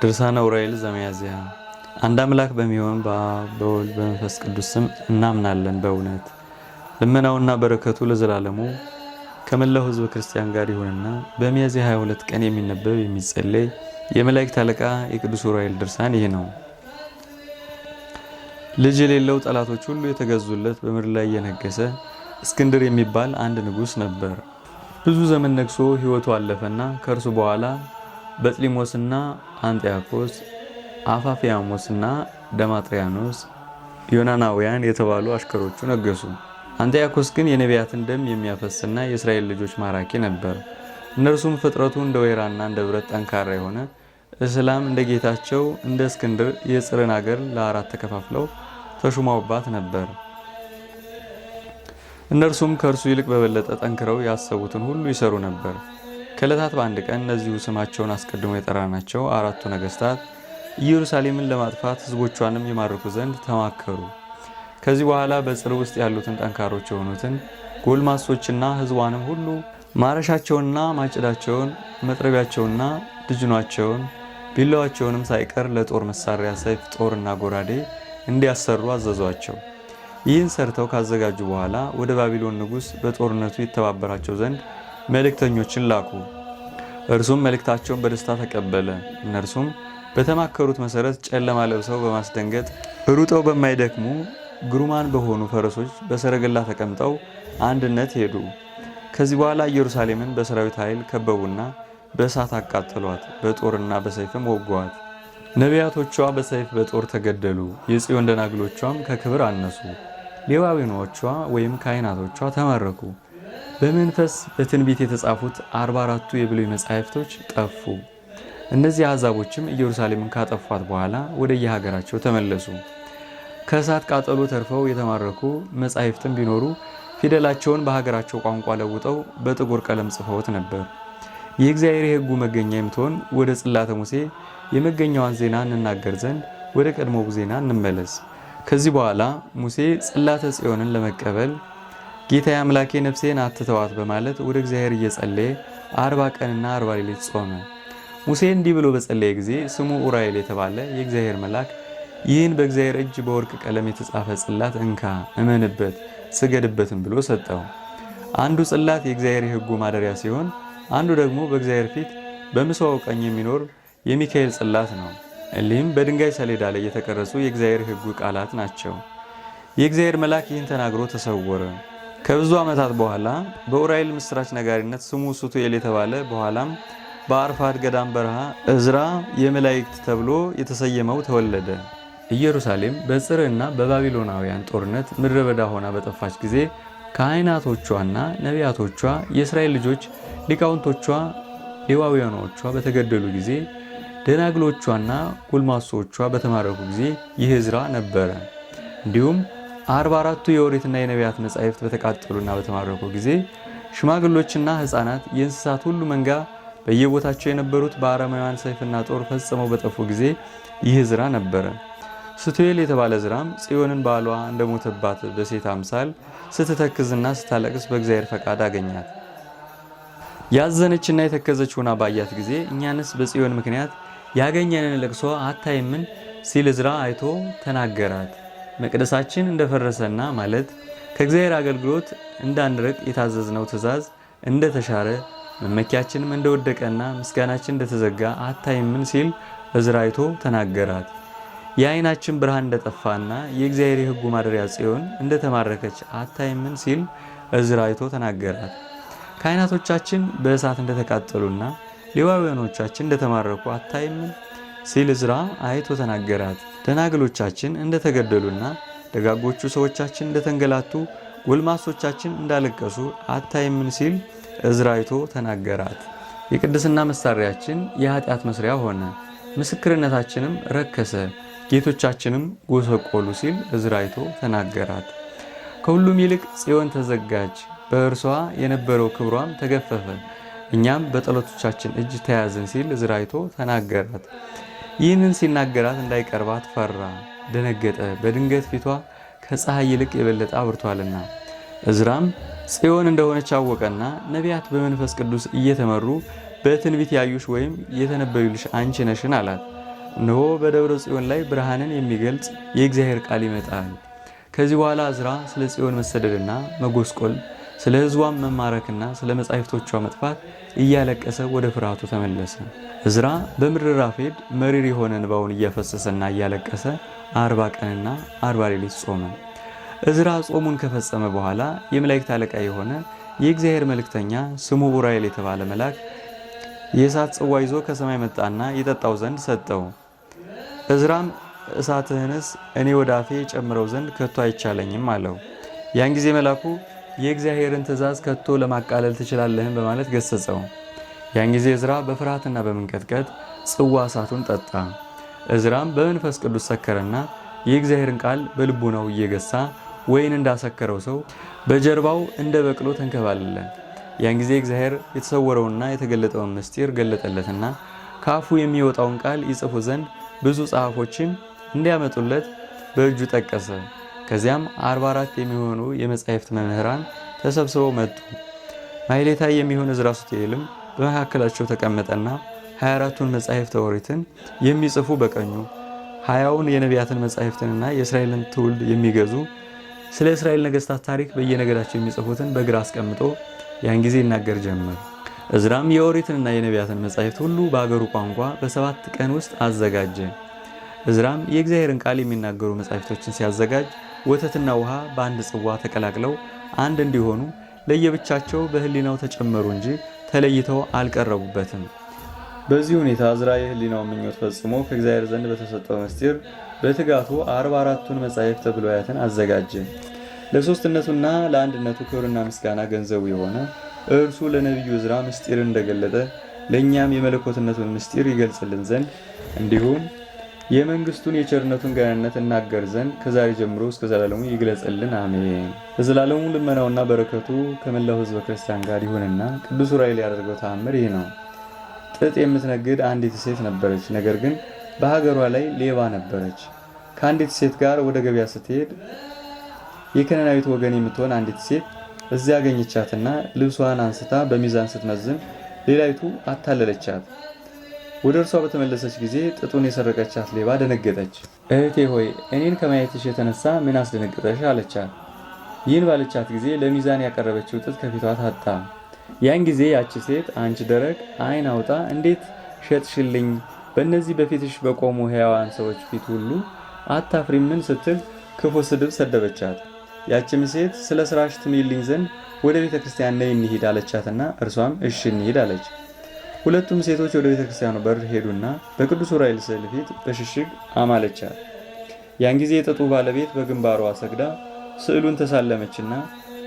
ድርሳነ ዑራኤል ዘሚያዝያ አንድ አምላክ በሚሆን በአብ በወልድ በመንፈስ ቅዱስ ስም እናምናለን። በእውነት ልመናውና በረከቱ ለዘላለሙ ከመላው ሕዝበ ክርስቲያን ጋር ይሁንና በሚያዝያ 22 ቀን የሚነበብ የሚጸለይ የመላእክት አለቃ የቅዱስ ዑራኤል ድርሳን ይህ ነው። ልጅ የሌለው ጠላቶች ሁሉ የተገዙለት በምድር ላይ የነገሰ እስክንድር የሚባል አንድ ንጉሥ ነበር። ብዙ ዘመን ነግሶ ሕይወቱ አለፈና ከእርሱ በኋላ በጥሊሞስና አንጢያኮስ፣ አፋፊያሞስና ደማጥሪያኖስ ዮናናውያን የተባሉ አሽከሮቹ ነገሱ። አንጢያኮስ ግን የነቢያትን ደም የሚያፈስና የእስራኤል ልጆች ማራኪ ነበር። እነርሱም ፍጥረቱ እንደ ወይራና እንደ ብረት ጠንካራ የሆነ እስላም እንደ ጌታቸው እንደ እስክንድር የጽርን አገር ለአራት ተከፋፍለው ተሹመውባት ነበር። እነርሱም ከእርሱ ይልቅ በበለጠ ጠንክረው ያሰቡትን ሁሉ ይሰሩ ነበር። ከዕለታት በአንድ ቀን እነዚሁ ስማቸውን አስቀድሞ የጠራናቸው አራቱ ነገስታት ኢየሩሳሌምን ለማጥፋት ህዝቦቿንም ይማርኩ ዘንድ ተማከሩ። ከዚህ በኋላ በጽር ውስጥ ያሉትን ጠንካሮች የሆኑትን ጎልማሶችና ህዝቧንም ሁሉ ማረሻቸውንና ማጭዳቸውን፣ መጥረቢያቸውንና ድጅኗቸውን፣ ቢላዋቸውንም ሳይቀር ለጦር መሳሪያ ሰይፍ፣ ጦርና ጎራዴ እንዲያሰሩ አዘዟቸው። ይህን ሰርተው ካዘጋጁ በኋላ ወደ ባቢሎን ንጉሥ በጦርነቱ ይተባበራቸው ዘንድ መልእክተኞችን ላኩ። እርሱም መልእክታቸውን በደስታ ተቀበለ። እነርሱም በተማከሩት መሰረት ጨለማ ለብሰው በማስደንገጥ ሩጠው በማይደክሙ ግሩማን በሆኑ ፈረሶች በሰረገላ ተቀምጠው አንድነት ሄዱ። ከዚህ በኋላ ኢየሩሳሌምን በሰራዊት ኃይል ከበቡና በእሳት አቃጠሏት፣ በጦርና በሰይፍም ወጓት። ነቢያቶቿ በሰይፍ በጦር ተገደሉ። የጽዮን ደናግሎቿም ከክብር አነሱ። ሌዋዊኖቿ ወይም ካህናቶቿ ተማረኩ። በመንፈስ በትንቢት የተጻፉት አርባ አራቱ የብሉይ መጻሕፍቶች ጠፉ። እነዚህ አሕዛቦችም ኢየሩሳሌምን ካጠፏት በኋላ ወደ የሀገራቸው ተመለሱ። ከእሳት ቃጠሎ ተርፈው የተማረኩ መጻሕፍትም ቢኖሩ ፊደላቸውን በሀገራቸው ቋንቋ ለውጠው በጥቁር ቀለም ጽፈውት ነበር። የእግዚአብሔር የሕጉ መገኛ የምትሆን ወደ ጽላተ ሙሴ የመገኛዋን ዜና እንናገር ዘንድ ወደ ቀድሞው ዜና እንመለስ። ከዚህ በኋላ ሙሴ ጽላተ ጽዮንን ለመቀበል ጌታ አምላኬ ነፍሴን አትተዋት በማለት ወደ እግዚአብሔር እየጸለየ አርባ ቀንና አርባ ሌሊት ጾመ። ሙሴ እንዲህ ብሎ በጸለየ ጊዜ ስሙ ኡራኤል የተባለ የእግዚአብሔር መልአክ ይህን በእግዚአብሔር እጅ በወርቅ ቀለም የተጻፈ ጽላት እንካ፣ እመንበት፣ ስገድበትም ብሎ ሰጠው። አንዱ ጽላት የእግዚአብሔር የሕጉ ማደሪያ ሲሆን፣ አንዱ ደግሞ በእግዚአብሔር ፊት በምስዋው ቀኝ የሚኖር የሚካኤል ጽላት ነው። እሊህም በድንጋይ ሰሌዳ ላይ የተቀረጹ የእግዚአብሔር ሕጉ ቃላት ናቸው። የእግዚአብሔር መልአክ ይህን ተናግሮ ተሰወረ። ከብዙ ዓመታት በኋላ በኡራኤል ምስራች ነጋሪነት ስሙ ሱቱኤል የተባለ በኋላም በአርፋድ ገዳም በረሃ እዝራ የመላእክት ተብሎ የተሰየመው ተወለደ። ኢየሩሳሌም በጽርና በባቢሎናውያን ጦርነት ምድረ በዳ ሆና በጠፋች ጊዜ ካህናቶቿና ነቢያቶቿ የእስራኤል ልጆች ሊቃውንቶቿ፣ ሌዋውያኖቿ በተገደሉ ጊዜ ደናግሎቿና ጎልማሶቿ በተማረኩ ጊዜ ይህ እዝራ ነበረ። እንዲሁም አርባ አራቱ የኦሪትና የነቢያት መጻሕፍት በተቃጠሉና በተማረኩ ጊዜ ሽማግሎችና ሕፃናት የእንስሳት ሁሉ መንጋ በየቦታቸው የነበሩት በአረማውያን ሰይፍና ጦር ፈጽመው በጠፉ ጊዜ ይህ ዝራ ነበረ። ስቱኤል የተባለ ዝራም ጽዮንን ባሏ እንደሞተባት በሴት አምሳል ስትተክዝና ስታለቅስ በእግዚአብሔር ፈቃድ አገኛት። ያዘነችና የተከዘች ሆና ባያት ጊዜ እኛንስ በጽዮን ምክንያት ያገኘንን ለቅሶ አታይምን ሲል ዝራ አይቶ ተናገራት። መቅደሳችን እንደፈረሰና ማለት ከእግዚአብሔር አገልግሎት እንዳንርቅ የታዘዝነው ትእዛዝ እንደተሻረ መመኪያችንም እንደወደቀና ምስጋናችን እንደተዘጋ አታይምን ሲል በዝራ ተናገራት። የአይናችን ብርሃን እንደጠፋና የእግዚአብሔር የሕጉ ማደሪያ ጽዮን እንደተማረከች አታይምን ሲል እዝራ ተናገራት። ካህናቶቻችን በእሳት እንደተቃጠሉና ሌዋውያኖቻችን እንደተማረኩ አታይምን ሲል እዝራ አይቶ ተናገራት። ደናግሎቻችን እንደተገደሉና ደጋጎቹ ሰዎቻችን እንደተንገላቱ ጎልማሶቻችን እንዳለቀሱ አታይምን ሲል እዝራ አይቶ ተናገራት። የቅድስና መሳሪያችን የኃጢአት መስሪያ ሆነ፣ ምስክርነታችንም ረከሰ፣ ጌቶቻችንም ጎሰቆሉ ሲል እዝራ አይቶ ተናገራት። ከሁሉም ይልቅ ጽዮን ተዘጋጅ በእርሷ የነበረው ክብሯም ተገፈፈ፣ እኛም በጠለቶቻችን እጅ ተያዝን ሲል እዝራ አይቶ ተናገራት። ይህንን ሲናገራት እንዳይቀርባት ፈራ፣ ደነገጠ። በድንገት ፊቷ ከፀሐይ ይልቅ የበለጠ አብርቷልና። እዝራም ጽዮን እንደሆነች አወቀና ነቢያት በመንፈስ ቅዱስ እየተመሩ በትንቢት ያዩሽ ወይም የተነበዩልሽ አንቺ ነሽን አላት። እነሆ በደብረ ጽዮን ላይ ብርሃንን የሚገልጽ የእግዚአብሔር ቃል ይመጣል። ከዚህ በኋላ እዝራ ስለ ጽዮን መሰደድና መጎስቆል ስለ ሕዝቧን መማረክና ስለ መጻሕፍቶቿ መጥፋት እያለቀሰ ወደ ፍርሃቱ ተመለሰ። እዝራ በምድር ራፌድ መሪር የሆነ እንባውን እያፈሰሰና እያለቀሰ አርባ ቀንና አርባ ሌሊት ጾመ። እዝራ ጾሙን ከፈጸመ በኋላ የመላእክት አለቃ የሆነ የእግዚአብሔር መልእክተኛ ስሙ ቡራኤል የተባለ መልአክ የእሳት ጽዋ ይዞ ከሰማይ መጣና የጠጣው ዘንድ ሰጠው። እዝራም እሳትህንስ እኔ ወደ አፌ ጨምረው ዘንድ ከቶ አይቻለኝም አለው። ያን ጊዜ መልአኩ የእግዚአብሔርን ትእዛዝ ከቶ ለማቃለል ትችላለህን? በማለት ገሰጸው። ያን ጊዜ እዝራ በፍርሃትና በመንቀጥቀጥ ጽዋ እሳቱን ጠጣ። እዝራም በመንፈስ ቅዱስ ሰከረና የእግዚአብሔርን ቃል በልቡናው እየገሳ ወይን እንዳሰከረው ሰው በጀርባው እንደ በቅሎ ተንከባለለ። ያን ጊዜ እግዚአብሔር የተሰወረውንና የተገለጠውን ምስጢር ገለጠለትና ከአፉ የሚወጣውን ቃል ይጽፉ ዘንድ ብዙ ጸሐፎችን እንዲያመጡለት በእጁ ጠቀሰ። ከዚያም 44 የሚሆኑ የመጻሕፍት መምህራን ተሰብስበው መጡ። ማይሌታ የሚሆን ዕዝራ ሱቱኤልም በመካከላቸው ተቀመጠና 24ቱን መጻሕፍተ ኦሪትን የሚጽፉ በቀኙ ሀያውን የነቢያትን መጻሕፍትንና የእስራኤልን ትውልድ የሚገዙ ስለ እስራኤል ነገሥታት ታሪክ በየነገዳቸው የሚጽፉትን በግራ አስቀምጦ ያን ጊዜ ይናገር ጀመር። እዝራም የኦሪትንና የነቢያትን መጻሕፍት ሁሉ በአገሩ ቋንቋ በሰባት ቀን ውስጥ አዘጋጀ። እዝራም የእግዚአብሔርን ቃል የሚናገሩ መጻሕፍቶችን ሲያዘጋጅ ወተትና ውሃ በአንድ ጽዋ ተቀላቅለው አንድ እንዲሆኑ ለየብቻቸው በህሊናው ተጨመሩ እንጂ ተለይተው አልቀረቡበትም። በዚህ ሁኔታ ዝራ የህሊናው ምኞት ፈጽሞ ከእግዚአብሔር ዘንድ በተሰጠው ምስጢር በትጋቱ አርባ አራቱን መጻሕፍተ ብሉያትን አዘጋጀ። ለሦስትነቱና ለአንድነቱ ክብርና ምስጋና ገንዘቡ የሆነ እርሱ ለነቢዩ ዝራ ምስጢር እንደገለጠ ለእኛም የመለኮትነቱን ምስጢር ይገልጽልን ዘንድ እንዲሁም የመንግስቱን የቸርነቱን ገናነት እናገር ዘንድ ከዛሬ ጀምሮ እስከ ዘላለሙ ይግለጽልን፣ አሜን። ለዘላለሙ ልመናውና በረከቱ ከመላው ሕዝበ ክርስቲያን ጋር ይሁንና ቅዱስ ዑራኤል ያደርገው ተአምር ይህ ነው። ጥጥ የምትነግድ አንዲት ሴት ነበረች። ነገር ግን በሀገሯ ላይ ሌባ ነበረች። ከአንዲት ሴት ጋር ወደ ገበያ ስትሄድ የከነናዊት ወገን የምትሆን አንዲት ሴት እዚያ አገኘቻትና ልብሷን አንስታ በሚዛን ስትመዝን ሌላይቱ አታለለቻት። ወደ እርሷ በተመለሰች ጊዜ ጥጡን የሰረቀቻት ሌባ ደነገጠች። እህቴ ሆይ እኔን ከማየትሽ የተነሳ ምን አስደነገጠሽ? አለቻት። ይህን ባለቻት ጊዜ ለሚዛን ያቀረበችው ጥጥ ከፊቷ ታጣ። ያን ጊዜ ያቺ ሴት አንቺ ደረቅ አይን አውጣ እንዴት ሸጥሽልኝ? በእነዚህ በፊትሽ በቆሙ ሕያዋን ሰዎች ፊት ሁሉ አታፍሪምን? ስትል ክፉ ስድብ ሰደበቻት። ያችም ሴት ስለ ስራሽ ትምይልኝ ዘንድ ወደ ቤተ ክርስቲያን ነይ እንሂድ አለቻትና እርሷም እሺ እንሂድ አለች። ሁለቱም ሴቶች ወደ ቤተ ክርስቲያኑ በር ሄዱና በቅዱስ ዑራኤል ስዕል ፊት በሽሽግ አማለቻት። ያን ጊዜ የጥጡ ባለቤት በግንባሯ ሰግዳ ስዕሉን ተሳለመችና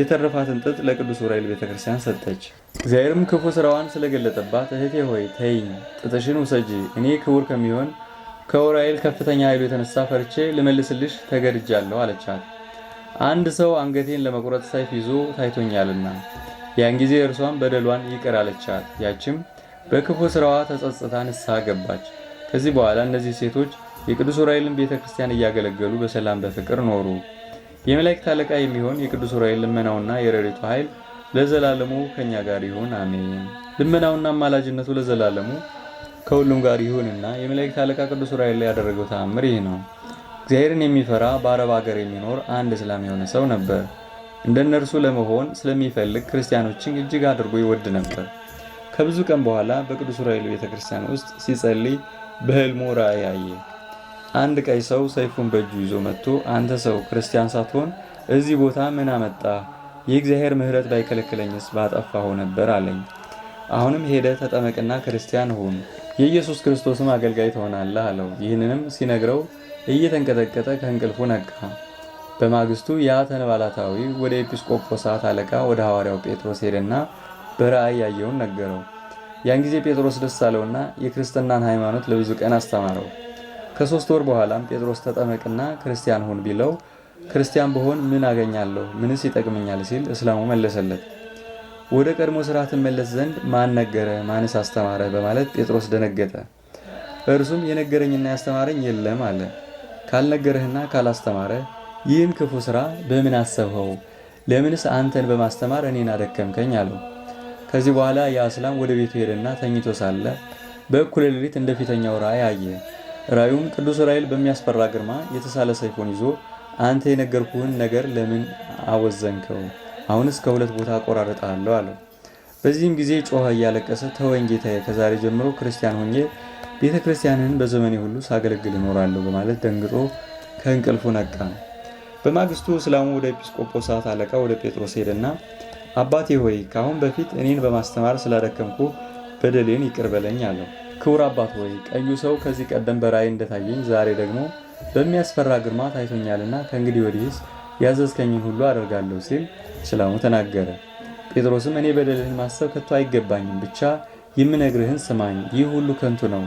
የተረፋትን ጥጥ ለቅዱስ ዑራኤል ቤተ ክርስቲያን ሰጠች። እግዚአብሔርም ክፉ ስራዋን ስለገለጠባት እህቴ ሆይ ተይኝ፣ ጥጥሽን ውሰጂ፣ እኔ ክቡር ከሚሆን ከዑራኤል ከፍተኛ ኃይሉ የተነሳ ፈርቼ ልመልስልሽ ተገድጃለሁ አለቻት። አንድ ሰው አንገቴን ለመቁረጥ ሰይፍ ይዞ ታይቶኛልና ያን ጊዜ እርሷን በደሏን ይቅር አለቻት። ያችም በክፉ ስራዋ ተጸጽታ ንስሐ ገባች። ከዚህ በኋላ እነዚህ ሴቶች የቅዱስ ዑራኤልን ቤተ ክርስቲያን እያገለገሉ በሰላም በፍቅር ኖሩ። የመላእክት አለቃ የሚሆን የቅዱስ ዑራኤል ልመናውና የረሪቱ ኃይል ለዘላለሙ ከእኛ ጋር ይሁን አሜን። ልመናውና አማላጅነቱ ለዘላለሙ ከሁሉም ጋር ይሁንና የመላእክት አለቃ ቅዱስ ዑራኤል ላይ ያደረገው ተአምር ይህ ነው። እግዚአብሔርን የሚፈራ በአረብ ሀገር የሚኖር አንድ እስላም የሆነ ሰው ነበር። እንደ እነርሱ ለመሆን ስለሚፈልግ ክርስቲያኖችን እጅግ አድርጎ ይወድ ነበር። ከብዙ ቀን በኋላ በቅዱስ ራኤል ቤተክርስቲያን ውስጥ ሲጸልይ በህልሙ ራእይ አየ። አንድ ቀይ ሰው ሰይፉን በእጁ ይዞ መጥቶ አንተ ሰው ክርስቲያን ሳትሆን እዚህ ቦታ ምን አመጣ? የእግዚአብሔር ምሕረት ባይከለክለኝስ ባጠፋሁ ነበር አለኝ። አሁንም ሄደ ተጠመቅና ክርስቲያን ሁን፣ የኢየሱስ ክርስቶስም አገልጋይ ትሆናለህ አለው። ይህንንም ሲነግረው እየተንቀጠቀጠ ከእንቅልፉ ነቃ። በማግስቱ ያ ተነባላታዊ ወደ ኤጲስቆጶሳት አለቃ ወደ ሐዋርያው ጴጥሮስ ሄደና በራእይ ያየውን ነገረው። ያን ጊዜ ጴጥሮስ ደስ አለውና የክርስትናን ሃይማኖት ለብዙ ቀን አስተማረው። ከሶስት ወር በኋላም ጴጥሮስ ተጠመቅና ክርስቲያን ሁን ቢለው ክርስቲያን በሆን ምን አገኛለሁ? ምንስ ይጠቅመኛል? ሲል እስላሙ መለሰለት። ወደ ቀድሞ ስርዓት መለስ ዘንድ ማን ነገረ? ማንስ አስተማረ? በማለት ጴጥሮስ ደነገጠ። እርሱም የነገረኝና ያስተማረኝ የለም አለ። ካልነገረህና ካላስተማረ ይህን ክፉ ስራ በምን አሰብኸው? ለምንስ አንተን በማስተማር እኔን አደከምከኝ? አለው። ከዚህ በኋላ ያ ወደ ቤቱ ሄደና ተኝቶ ሳለ በእኩለ ሌሊት እንደ ፊተኛው ራእይ አየ። ራእዩም ቅዱስ ዑራኤል በሚያስፈራ ግርማ የተሳለ ሰይፎን ይዞ አንተ የነገርኩህን ነገር ለምን አወዘንከው? አሁንስ ከሁለት ቦታ አቆራርጥሃለሁ አለው። በዚህም ጊዜ ጮኸ እያለቀሰ ተወኝ ጌታዬ፣ ከዛሬ ጀምሮ ክርስቲያን ሆኜ ቤተ ክርስቲያንህን በዘመኔ ሁሉ ሳገለግል እኖራለሁ በማለት ደንግጦ ከእንቅልፉ ነቃ። በማግስቱ እስላሙ ወደ ኤጲስቆጶሳት አለቃ ወደ ጴጥሮስ ሄደና አባቴ ሆይ ከአሁን በፊት እኔን በማስተማር ስላደከምኩ በደሌን ይቅር በለኝ አለው። ክቡር አባት ሆይ ቀዩ ሰው ከዚህ ቀደም በራእይ እንደታየኝ ዛሬ ደግሞ በሚያስፈራ ግርማ ታይቶኛልና ከእንግዲህ ወዲህስ ያዘዝከኝን ሁሉ አደርጋለሁ ሲል ችላሙ ተናገረ። ጴጥሮስም እኔ በደልህን ማሰብ ከቶ አይገባኝም፣ ብቻ የምነግርህን ስማኝ፣ ይህ ሁሉ ከንቱ ነው።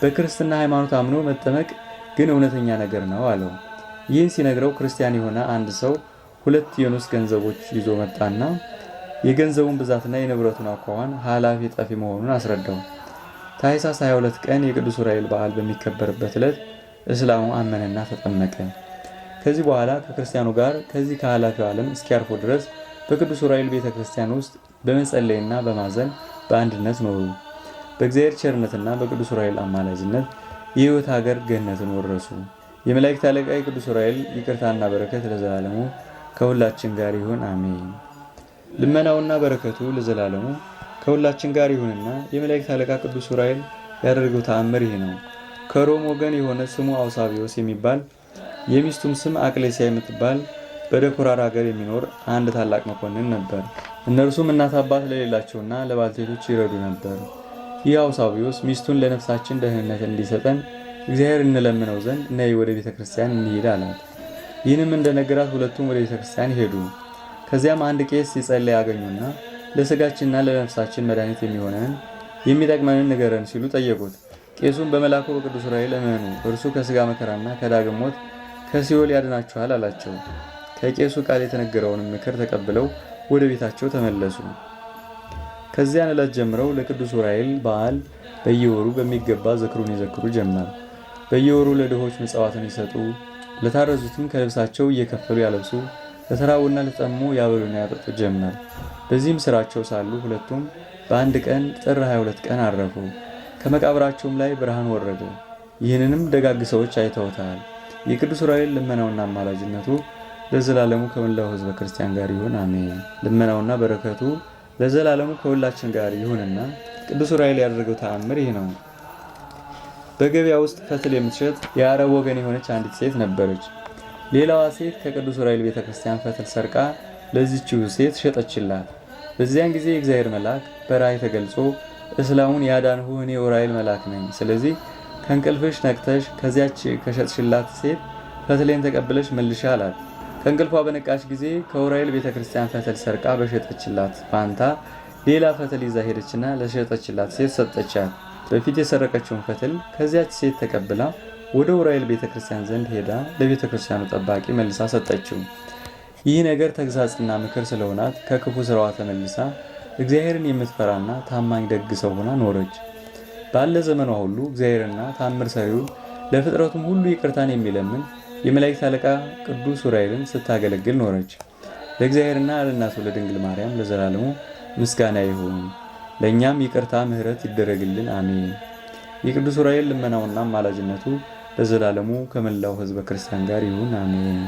በክርስትና ሃይማኖት አምኖ መጠመቅ ግን እውነተኛ ነገር ነው አለው። ይህን ሲነግረው ክርስቲያን የሆነ አንድ ሰው ሁለት የኖስ ገንዘቦች ይዞ መጣና የገንዘቡን ብዛትና የንብረቱን አኳኋን ኃላፊ ጠፊ መሆኑን አስረዳው። ታኅሳስ 22 ቀን የቅዱስ ዑራኤል በዓል በሚከበርበት ዕለት እስላሙ አመነና ተጠመቀ። ከዚህ በኋላ ከክርስቲያኑ ጋር ከዚህ ከኃላፊው ዓለም እስኪያርፎ ድረስ በቅዱስ ዑራኤል ቤተ ክርስቲያን ውስጥ በመጸለይና በማዘን በአንድነት ኖሩ። በእግዚአብሔር ቸርነትና በቅዱስ ዑራኤል አማላጅነት የሕይወት ሀገር ገነትን ወረሱ። የመላእክት አለቃ የቅዱስ ዑራኤል ይቅርታና በረከት ለዘላለሙ ከሁላችን ጋር ይሁን፣ አሜን። ልመናውና በረከቱ ለዘላለሙ ከሁላችን ጋር ይሁንና የመላእክት አለቃ ቅዱስ ዑራኤል ያደረገው ተአምር ይህ ነው። ከሮም ወገን የሆነ ስሙ አውሳቢዎስ የሚባል የሚስቱም ስም አቅሌሲያ የምትባል በደኮራር ሀገር የሚኖር አንድ ታላቅ መኮንን ነበር። እነርሱም እናት አባት ለሌላቸውና ለባልቴቶች ይረዱ ነበር። ይህ አውሳቢዎስ ሚስቱን ለነፍሳችን ደህንነት እንዲሰጠን እግዚአብሔር እንለምነው ዘንድ ነይ ወደ ቤተ ክርስቲያን እንሂድ አላት። ይህንም እንደነገራት ሁለቱም ወደ ቤተ ክርስቲያን ሄዱ። ከዚያም አንድ ቄስ ሲጸልይ ያገኙና ለስጋችንና ለነፍሳችን መድኃኒት የሚሆነን የሚጠቅመንን ንገረን ሲሉ ጠየቁት። ቄሱን በመልአኩ በቅዱስ ዑራኤል እመኑ፣ እርሱ ከስጋ መከራና ከዳግም ሞት ከሲኦል ያድናችኋል አላቸው። ከቄሱ ቃል የተነገረውንም ምክር ተቀብለው ወደ ቤታቸው ተመለሱ። ከዚያን ዕለት ጀምረው ለቅዱስ ዑራኤል በዓል በየወሩ በሚገባ ዝክሩን ይዘክሩ ጀመር። በየወሩ ለድሆች ምጽዋትን ይሰጡ፣ ለታረዙትም ከልብሳቸው እየከፈሉ ያለብሱ ለተራቡና ለጠሙ ያበሉና ያጠጡ ጀመር። በዚህም ስራቸው ሳሉ ሁለቱም በአንድ ቀን ጥር 22 ቀን አረፉ። ከመቃብራቸውም ላይ ብርሃን ወረደ። ይህንንም ደጋግ ሰዎች አይተውታል። የቅዱስ ዑራኤል ልመናውና አማላጅነቱ ለዘላለሙ ከመላው ሕዝበ ክርስቲያን ጋር ይሁን አሜን። ልመናውና በረከቱ ለዘላለሙ ከሁላችን ጋር ይሁንና ቅዱስ ዑራኤል ያደረገው ተአምር ይህ ነው። በገበያ ውስጥ ፈትል የምትሸጥ የአረብ ወገን የሆነች አንዲት ሴት ነበረች። ሌላዋ ሴት ከቅዱስ ዑራኤል ቤተ ክርስቲያን ፈትል ሰርቃ ለዚችው ሴት ሸጠችላት። በዚያን ጊዜ የእግዚአብሔር መልአክ በራእይ ተገልጾ እስላሙን ያዳንሁህ እኔ ዑራኤል መልአክ ነኝ። ስለዚህ ከእንቅልፍሽ ነቅተሽ ከዚያች ከሸጥሽላት ሴት ፈትሌን ተቀብለሽ መልሻ አላት። ከእንቅልፏ በነቃሽ ጊዜ ከዑራኤል ቤተ ክርስቲያን ፈትል ሰርቃ በሸጠችላት ፋንታ ሌላ ፈትል ይዛ ሄደችና ለሸጠችላት ሴት ሰጠቻት። በፊት የሰረቀችውን ፈትል ከዚያች ሴት ተቀብላ ወደ ውራኤል ቤተ ክርስቲያን ዘንድ ሄዳ ለቤተ ክርስቲያኑ ጠባቂ መልሳ ሰጠችው። ይህ ነገር ተግሳጽና ምክር ስለሆናት ከክፉ ስራዋ ተመልሳ እግዚአብሔርን የምትፈራና ታማኝ ደግ ሰው ሆና ኖረች። ባለ ዘመኗ ሁሉ እግዚአብሔርና ታምር ሰሪውን ለፍጥረቱም ሁሉ ይቅርታን የሚለምን የመላእክት አለቃ ቅዱስ ዑራኤልን ስታገለግል ኖረች። ለእግዚአብሔርና ለእናቱ ለድንግል ማርያም ለዘላለሙ ምስጋና ይሁን። ለእኛም ይቅርታ ምሕረት ይደረግልን፣ አሜን። የቅዱስ ዑራኤል ልመናውና አማላጅነቱ ለዘላለሙ ከመላው ሕዝበ ክርስቲያን ጋር ይሁን አሜን።